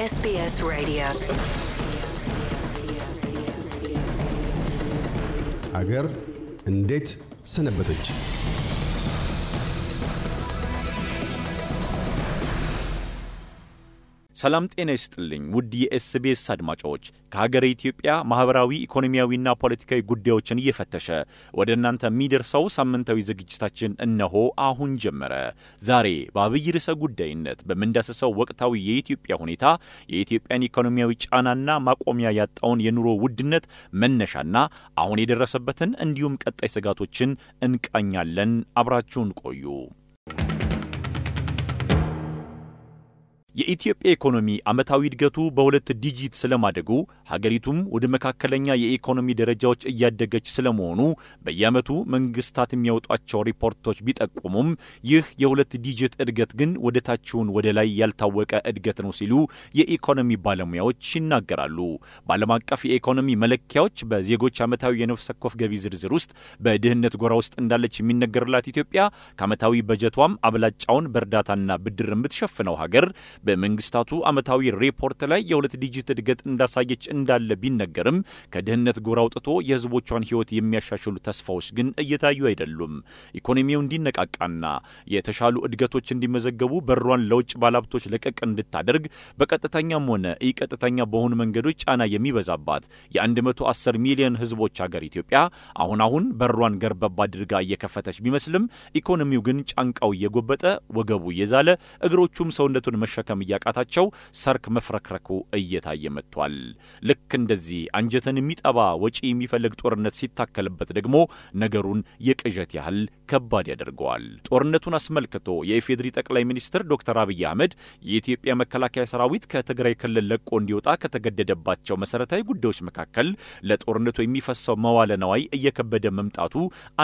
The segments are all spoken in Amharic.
SBS Radio አገር እንዴት ሰነበተች? ሰላም ጤና ይስጥልኝ ውድ የኤስቤስ አድማጮች፣ ከሀገረ ኢትዮጵያ ማኅበራዊ ኢኮኖሚያዊና ፖለቲካዊ ጉዳዮችን እየፈተሸ ወደ እናንተ የሚደርሰው ሳምንታዊ ዝግጅታችን እነሆ አሁን ጀመረ። ዛሬ በአብይ ርዕሰ ጉዳይነት በምንዳሰሰው ወቅታዊ የኢትዮጵያ ሁኔታ የኢትዮጵያን ኢኮኖሚያዊ ጫናና ማቆሚያ ያጣውን የኑሮ ውድነት መነሻና አሁን የደረሰበትን እንዲሁም ቀጣይ ስጋቶችን እንቃኛለን። አብራችሁን ቆዩ። የኢትዮጵያ ኢኮኖሚ ዓመታዊ እድገቱ በሁለት ዲጂት ስለማደጉ ሀገሪቱም ወደ መካከለኛ የኢኮኖሚ ደረጃዎች እያደገች ስለመሆኑ በየዓመቱ መንግስታት የሚያወጧቸው ሪፖርቶች ቢጠቁሙም ይህ የሁለት ዲጂት እድገት ግን ወደ ታችውን ወደ ላይ ያልታወቀ እድገት ነው ሲሉ የኢኮኖሚ ባለሙያዎች ይናገራሉ። በዓለም አቀፍ የኢኮኖሚ መለኪያዎች በዜጎች ዓመታዊ የነፍስ ወከፍ ገቢ ዝርዝር ውስጥ በድህነት ጎራ ውስጥ እንዳለች የሚነገርላት ኢትዮጵያ ከዓመታዊ በጀቷም አብላጫውን በእርዳታና ብድር የምትሸፍነው ሀገር በመንግስታቱ ዓመታዊ ሪፖርት ላይ የሁለት ዲጂት እድገት እንዳሳየች እንዳለ ቢነገርም ከድህነት ጎራ አውጥቶ የህዝቦቿን ህይወት የሚያሻሽሉ ተስፋዎች ግን እየታዩ አይደሉም። ኢኮኖሚው እንዲነቃቃና የተሻሉ እድገቶች እንዲመዘገቡ በሯን ለውጭ ባለሀብቶች ለቀቅ እንድታደርግ በቀጥተኛም ሆነ ኢቀጥተኛ በሆኑ መንገዶች ጫና የሚበዛባት የ110 ሚሊዮን ህዝቦች ሀገር ኢትዮጵያ አሁን አሁን በሯን ገርበባ አድርጋ እየከፈተች ቢመስልም ኢኮኖሚው ግን ጫንቃው እየጎበጠ ወገቡ እየዛለ እግሮቹም ሰውነቱን መሸከም መታተም እያቃታቸው ሰርክ መፍረክረኩ እየታየ መጥቷል። ልክ እንደዚህ አንጀትን የሚጠባ ወጪ የሚፈልግ ጦርነት ሲታከልበት ደግሞ ነገሩን የቅዠት ያህል ከባድ ያደርገዋል። ጦርነቱን አስመልክቶ የኢፌዴሪ ጠቅላይ ሚኒስትር ዶክተር አብይ አህመድ የኢትዮጵያ መከላከያ ሰራዊት ከትግራይ ክልል ለቆ እንዲወጣ ከተገደደባቸው መሰረታዊ ጉዳዮች መካከል ለጦርነቱ የሚፈሰው መዋለ ነዋይ እየከበደ መምጣቱ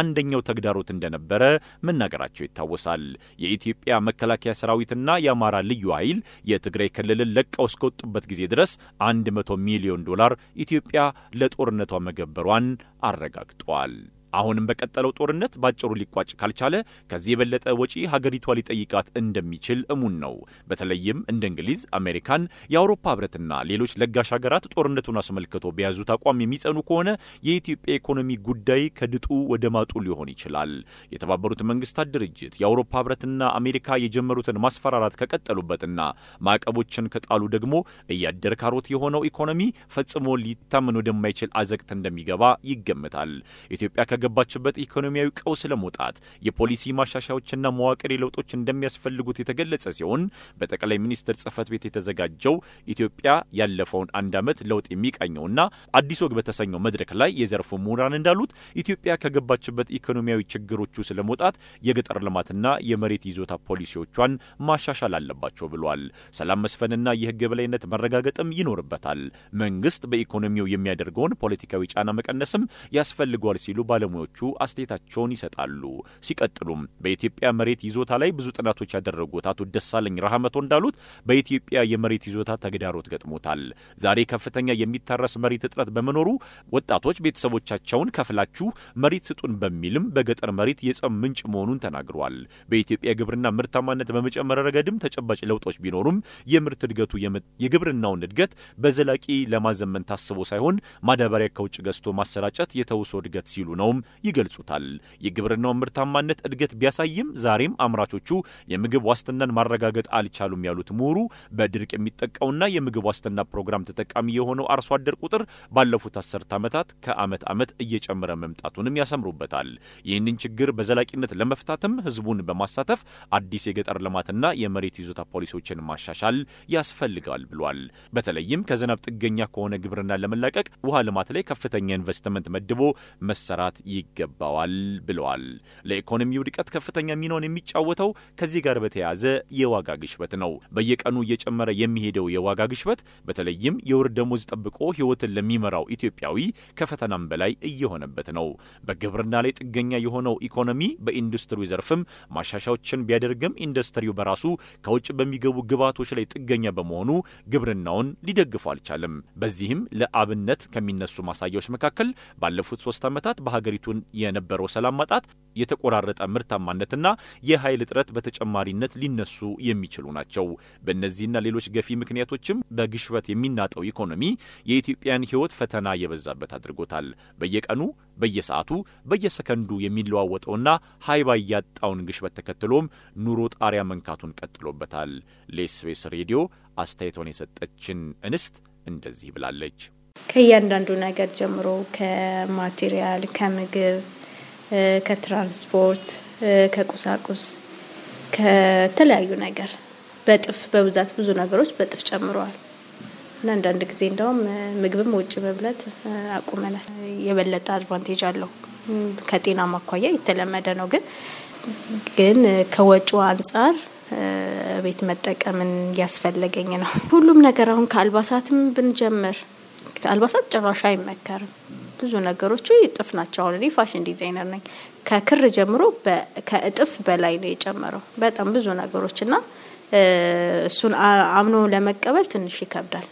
አንደኛው ተግዳሮት እንደነበረ መናገራቸው ይታወሳል። የኢትዮጵያ መከላከያ ሰራዊትና የአማራ ልዩ ኃይል በሚል የትግራይ ክልልን ለቀው እስከወጡበት ጊዜ ድረስ 100 ሚሊዮን ዶላር ኢትዮጵያ ለጦርነቷ መገበሯን አረጋግጧል። አሁንም በቀጠለው ጦርነት ባጭሩ ሊቋጭ ካልቻለ ከዚህ የበለጠ ወጪ ሀገሪቷ ሊጠይቃት እንደሚችል እሙን ነው። በተለይም እንደ እንግሊዝ፣ አሜሪካን፣ የአውሮፓ ህብረትና ሌሎች ለጋሽ ሀገራት ጦርነቱን አስመልክቶ በያዙት አቋም የሚጸኑ ከሆነ የኢትዮጵያ ኢኮኖሚ ጉዳይ ከድጡ ወደ ማጡ ሊሆን ይችላል። የተባበሩት መንግስታት ድርጅት፣ የአውሮፓ ህብረትና አሜሪካ የጀመሩትን ማስፈራራት ከቀጠሉበትና ማዕቀቦችን ከጣሉ ደግሞ እያደር ካሮት የሆነው ኢኮኖሚ ፈጽሞ ሊታመን ወደማይችል አዘቅት እንደሚገባ ይገምታል። ኢትዮጵያ ከገባችበት ኢኮኖሚያዊ ቀውስ ለመውጣት የፖሊሲ ማሻሻያዎችና መዋቅር ለውጦች እንደሚያስፈልጉት የተገለጸ ሲሆን በጠቅላይ ሚኒስትር ጽህፈት ቤት የተዘጋጀው ኢትዮጵያ ያለፈውን አንድ ዓመት ለውጥ የሚቃኘውና አዲስ ወግ በተሰኘው መድረክ ላይ የዘርፉ ምሁራን እንዳሉት ኢትዮጵያ ከገባችበት ኢኮኖሚያዊ ችግሮቹ ስለመውጣት የገጠር ልማትና የመሬት ይዞታ ፖሊሲዎቿን ማሻሻል አለባቸው ብሏል። ሰላም መስፈንና የህግ የበላይነት መረጋገጥም ይኖርበታል። መንግስት በኢኮኖሚው የሚያደርገውን ፖለቲካዊ ጫና መቀነስም ያስፈልገዋል ሲሉ ባለ ባለሙያዎቹ አስተያየታቸውን ይሰጣሉ። ሲቀጥሉም በኢትዮጵያ መሬት ይዞታ ላይ ብዙ ጥናቶች ያደረጉት አቶ ደሳለኝ ረሃመቶ እንዳሉት በኢትዮጵያ የመሬት ይዞታ ተግዳሮት ገጥሞታል። ዛሬ ከፍተኛ የሚታረስ መሬት እጥረት በመኖሩ ወጣቶች ቤተሰቦቻቸውን ከፍላችሁ መሬት ስጡን በሚልም በገጠር መሬት የጸም ምንጭ መሆኑን ተናግረዋል። በኢትዮጵያ ግብርና ምርታማነት በመጨመር ረገድም ተጨባጭ ለውጦች ቢኖሩም የምርት እድገቱ የግብርናውን እድገት በዘላቂ ለማዘመን ታስቦ ሳይሆን ማዳበሪያ ከውጭ ገዝቶ ማሰራጨት የተውሶ እድገት ሲሉ ነው ሲሉም ይገልጹታል። የግብርናው ምርታማነት እድገት ቢያሳይም ዛሬም አምራቾቹ የምግብ ዋስትናን ማረጋገጥ አልቻሉም ያሉት ምሁሩ በድርቅ የሚጠቃውና የምግብ ዋስትና ፕሮግራም ተጠቃሚ የሆነው አርሶ አደር ቁጥር ባለፉት አስርት ዓመታት ከዓመት ዓመት እየጨመረ መምጣቱንም ያሰምሩበታል። ይህንን ችግር በዘላቂነት ለመፍታትም ህዝቡን በማሳተፍ አዲስ የገጠር ልማትና የመሬት ይዞታ ፖሊሲዎችን ማሻሻል ያስፈልጋል ብሏል። በተለይም ከዝናብ ጥገኛ ከሆነ ግብርና ለመላቀቅ ውሃ ልማት ላይ ከፍተኛ ኢንቨስትመንት መድቦ መሰራት ይገባዋል ብለዋል። ለኢኮኖሚው ድቀት ከፍተኛ ሚናውን የሚጫወተው ከዚህ ጋር በተያያዘ የዋጋ ግሽበት ነው። በየቀኑ እየጨመረ የሚሄደው የዋጋ ግሽበት በተለይም የወር ደሞዝ ጠብቆ ሕይወትን ለሚመራው ኢትዮጵያዊ ከፈተናም በላይ እየሆነበት ነው። በግብርና ላይ ጥገኛ የሆነው ኢኮኖሚ በኢንዱስትሪው ዘርፍም ማሻሻዎችን ቢያደርግም ኢንዱስትሪው በራሱ ከውጭ በሚገቡ ግብዓቶች ላይ ጥገኛ በመሆኑ ግብርናውን ሊደግፉ አልቻለም። በዚህም ለአብነት ከሚነሱ ማሳያዎች መካከል ባለፉት ሶስት ዓመታት በሀገሪ በሀገሪቱን የነበረው ሰላም ማጣት፣ የተቆራረጠ ምርታማነትና የኃይል እጥረት በተጨማሪነት ሊነሱ የሚችሉ ናቸው። በእነዚህና ሌሎች ገፊ ምክንያቶችም በግሽበት የሚናጠው ኢኮኖሚ የኢትዮጵያን ሕይወት ፈተና የበዛበት አድርጎታል። በየቀኑ በየሰዓቱ በየሰከንዱ የሚለዋወጠውና ሀይባ እያጣውን ግሽበት ተከትሎም ኑሮ ጣሪያ መንካቱን ቀጥሎበታል። ለኤስቢኤስ ሬዲዮ አስተያየቷን የሰጠችን እንስት እንደዚህ ብላለች። ከእያንዳንዱ ነገር ጀምሮ ከማቴሪያል፣ ከምግብ፣ ከትራንስፖርት፣ ከቁሳቁስ፣ ከተለያዩ ነገር በእጥፍ በብዛት ብዙ ነገሮች በእጥፍ ጨምረዋል እና አንዳንድ ጊዜ እንደውም ምግብም ውጭ መብላት አቁመናል። የበለጠ አድቫንቴጅ አለው። ከጤና ማኳያ የተለመደ ነው፣ ግን ግን ከወጪው አንጻር ቤት መጠቀምን ያስፈለገኝ ነው። ሁሉም ነገር አሁን ከአልባሳትም ብንጀምር አልባሳት ጭራሽ አይመከርም። ብዙ ነገሮቹ እጥፍ ናቸው። አሁን እኔ ፋሽን ዲዛይነር ነኝ። ከክር ጀምሮ ከእጥፍ በላይ ነው የጨመረው በጣም ብዙ ነገሮች እና እሱን አምኖ ለመቀበል ትንሽ ይከብዳል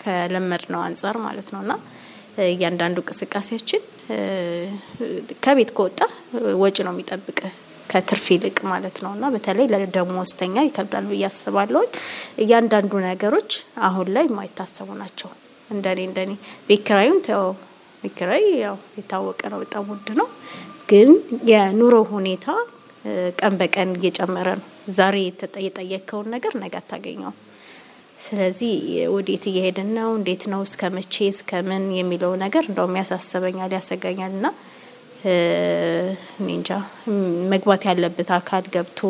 ከለመድ ነው አንጻር ማለት ነው እና እያንዳንዱ እንቅስቃሴያችን ከቤት ከወጣ ወጪ ነው የሚጠብቅ ከትርፍ ይልቅ ማለት ነው እና በተለይ ወስተኛ ይከብዳል ብዬ አስባለሁ። እያንዳንዱ ነገሮች አሁን ላይ የማይታሰቡ ናቸው። እንደኔ እንደኔ ቤት ኪራዩን ተው፣ ቤት ኪራይ ያው የታወቀ ነው፣ በጣም ውድ ነው። ግን የኑሮ ሁኔታ ቀን በቀን እየጨመረ ነው። ዛሬ የጠየቀውን ነገር ነገ አታገኘውም። ስለዚህ ወዴት እየሄድን ነው? እንዴት ነው? እስከ መቼ እስከ ምን የሚለው ነገር እንደውም ያሳስበኛል፣ ያሰጋኛል እና እንጃ መግባት ያለበት አካል ገብቶ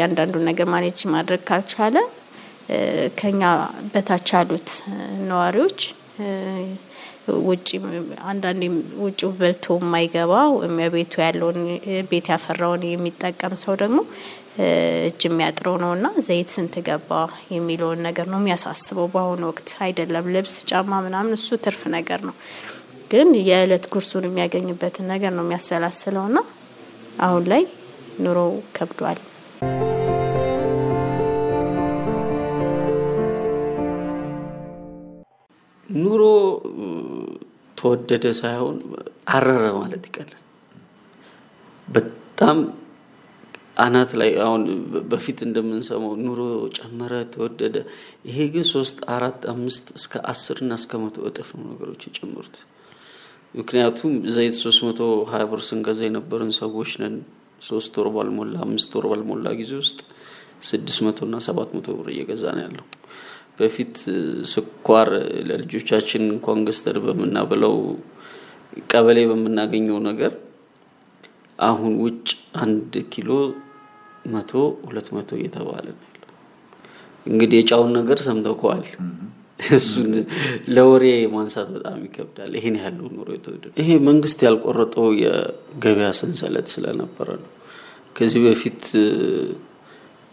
ያንዳንዱን ነገር ማኔጅ ማድረግ ካልቻለ ከኛ በታች አሉት ነዋሪዎች ውጭ አንዳንድ ውጭ በልቶ የማይገባው ቤቱ ያለውን ቤት ያፈራውን የሚጠቀም ሰው ደግሞ እጅ የሚያጥረው ነው እና ዘይት ስንት ገባ የሚለውን ነገር ነው የሚያሳስበው። በአሁኑ ወቅት አይደለም ልብስ፣ ጫማ ምናምን እሱ ትርፍ ነገር ነው፣ ግን የእለት ጉርሱን የሚያገኝበትን ነገር ነው የሚያሰላስለው እና አሁን ላይ ኑሮ ከብዷል። ኑሮ ተወደደ ሳይሆን አረረ ማለት ይቀላል። በጣም አናት ላይ አሁን በፊት እንደምንሰማው ኑሮ ጨመረ፣ ተወደደ። ይሄ ግን ሶስት አራት አምስት እስከ አስር እና እስከ መቶ እጥፍ ነው ነገሮች የጨመሩት። ምክንያቱም ዘይት ሶስት መቶ ሀያ ብር ስንገዛ የነበርን ሰዎች ነን። ሶስት ወር ባልሞላ አምስት ወር ባልሞላ ጊዜ ውስጥ ስድስት መቶ እና ሰባት መቶ ብር እየገዛ ነው ያለው። በፊት ስኳር ለልጆቻችን እንኳን ገዝተን በምናበላው ቀበሌ በምናገኘው ነገር አሁን ውጭ አንድ ኪሎ መቶ ሁለት መቶ እየተባለ ነው እንግዲህ የጫውን ነገር ሰምተው ከዋል እሱን ለወሬ ማንሳት በጣም ይከብዳል። ይሄን ያለው ኑሮ የተወደደ ይሄ መንግስት ያልቆረጠው የገበያ ሰንሰለት ስለነበረ ነው። ከዚህ በፊት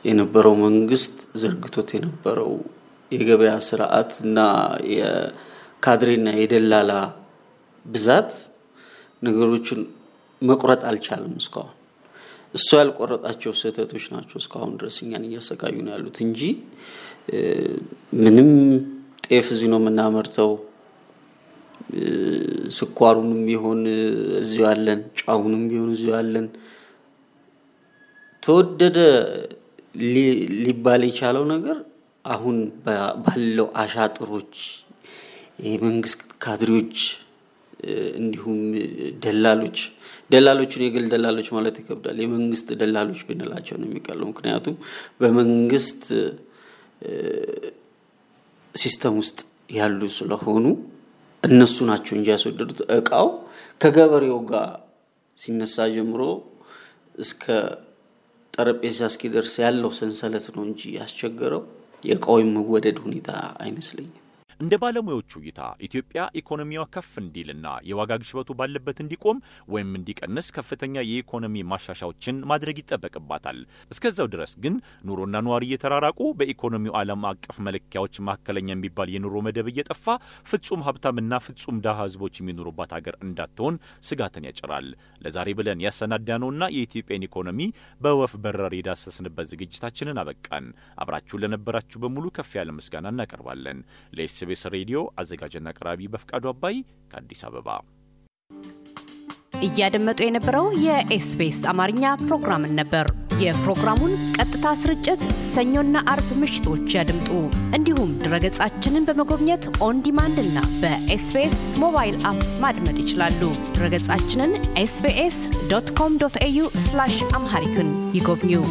የነበረው መንግስት ዘርግቶት የነበረው የገበያ ስርዓት እና የካድሬና የደላላ ብዛት ነገሮችን መቁረጥ አልቻለም እስካሁን። እሱ ያልቆረጣቸው ስህተቶች ናቸው እስካሁን ድረስ እኛን እያሰቃዩ ነው ያሉት እንጂ ምንም ጤፍ እዚህ ነው የምናመርተው፣ ስኳሩንም ቢሆን እዚ ያለን፣ ጫውንም ቢሆን እዚ ያለን። ተወደደ ሊባል የቻለው ነገር አሁን ባለው አሻጥሮች የመንግስት ካድሬዎች እንዲሁም ደላሎች ደላሎቹን የግል ደላሎች ማለት ይከብዳል። የመንግስት ደላሎች ብንላቸው ነው የሚቀለው። ምክንያቱም በመንግስት ሲስተም ውስጥ ያሉ ስለሆኑ እነሱ ናቸው እንጂ ያስወደዱት እቃው ከገበሬው ጋር ሲነሳ ጀምሮ እስከ ጠረጴዛ እስኪደርስ ያለው ሰንሰለት ነው እንጂ ያስቸገረው የእቃው መወደድ ሁኔታ አይመስለኝም። እንደ ባለሙያዎቹ እይታ ኢትዮጵያ ኢኮኖሚዋ ከፍ እንዲልና የዋጋ ግሽበቱ ባለበት እንዲቆም ወይም እንዲቀንስ ከፍተኛ የኢኮኖሚ ማሻሻዎችን ማድረግ ይጠበቅባታል። እስከዛው ድረስ ግን ኑሮና ነዋሪ እየተራራቁ በኢኮኖሚው ዓለም አቀፍ መለኪያዎች መካከለኛ የሚባል የኑሮ መደብ እየጠፋ ፍጹም ሀብታምና ፍጹም ድሃ ህዝቦች የሚኖሩባት ሀገር እንዳትሆን ስጋትን ያጭራል። ለዛሬ ብለን ያሰናዳነውና የኢትዮጵያን ኢኮኖሚ በወፍ በረር የዳሰስንበት ዝግጅታችንን አበቃን። አብራችሁን ለነበራችሁ በሙሉ ከፍ ያለ ምስጋና እናቀርባለን። ኤስቤስ ሬዲዮ አዘጋጅና አቅራቢ በፍቃዱ አባይ ከአዲስ አበባ። እያደመጡ የነበረው የኤስቢኤስ አማርኛ ፕሮግራምን ነበር። የፕሮግራሙን ቀጥታ ስርጭት ሰኞና አርብ ምሽቶች ያድምጡ። እንዲሁም ድረገጻችንን በመጎብኘት ኦን ዲማንድ እና በኤስቤስ ሞባይል አፕ ማድመጥ ይችላሉ። ድረገጻችንን ኤስቤስ ዶት ኮም ዶት ኤዩ አምሃሪክን ይጎብኙ።